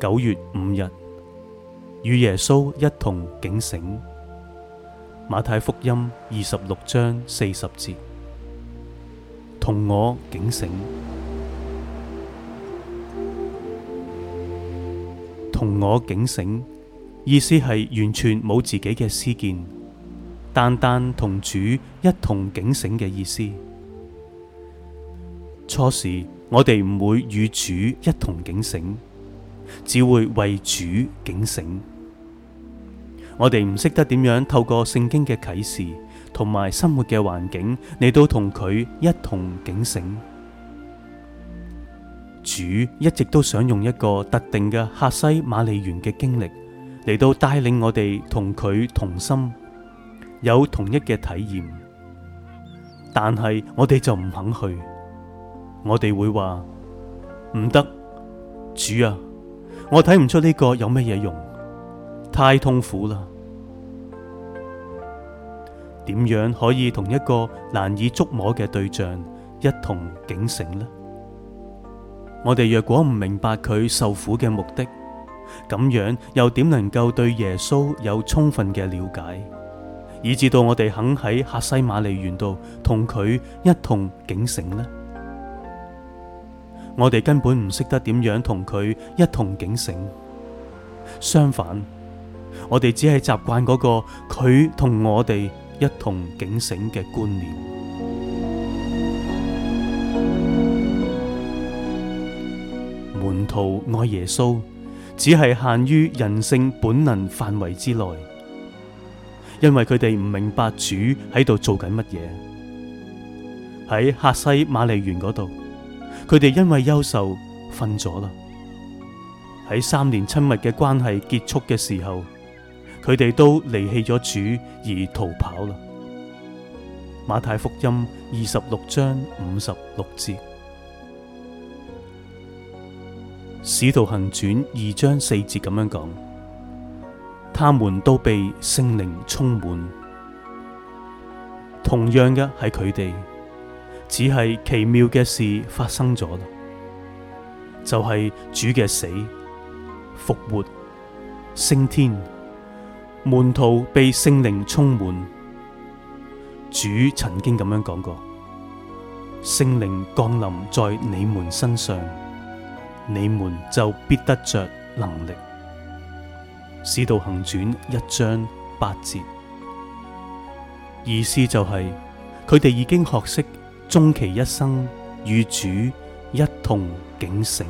九月五日，與耶穌一同警醒，馬太福音二十六章四十節，同我警醒，同我警醒，意思係完全冇自己嘅私見，單單同主一同警醒嘅意思。初時。我哋唔會與主一同警醒，只會為主警醒。我哋唔識得點樣透過聖經嘅啟示同埋生活嘅環境，嚟到同佢一同警醒。主一直都想用一個特定嘅客西馬尼園嘅經歷嚟到帶領我哋同佢同心，有同一嘅體驗，但係我哋就唔肯去。我哋會話唔得，主啊，我睇唔出呢個有乜嘢用，太痛苦啦。點樣可以同一個難以捉摸嘅對象一同警醒呢？我哋若果唔明白佢受苦嘅目的，咁樣又點能夠對耶穌有充分嘅了解，以至到我哋肯喺客西馬尼園度同佢一同警醒呢？我哋根本唔識得點樣同佢一同警醒，相反，我哋只係習慣嗰個佢同我哋一同警醒嘅觀念。門徒愛耶穌，只係限於人性本能範圍之內，因為佢哋唔明白主喺度做緊乜嘢。喺客西馬尼園嗰度。佢哋因為優秀瞓咗啦。喺三年親密嘅關係結束嘅時候，佢哋都離棄咗主而逃跑啦。馬太福音二十六章五十六節，使徒行傳二章四節咁樣講，他們都被聖靈充滿。同樣嘅係佢哋。只係奇妙嘅事發生咗啦，就係、是、主嘅死復活升天，門徒被聖靈充滿。主曾經咁樣講過：聖靈降臨在你們身上，你們就必得着能力。使徒行傳一章八節，意思就係佢哋已經學識。終其一生與主一同警醒。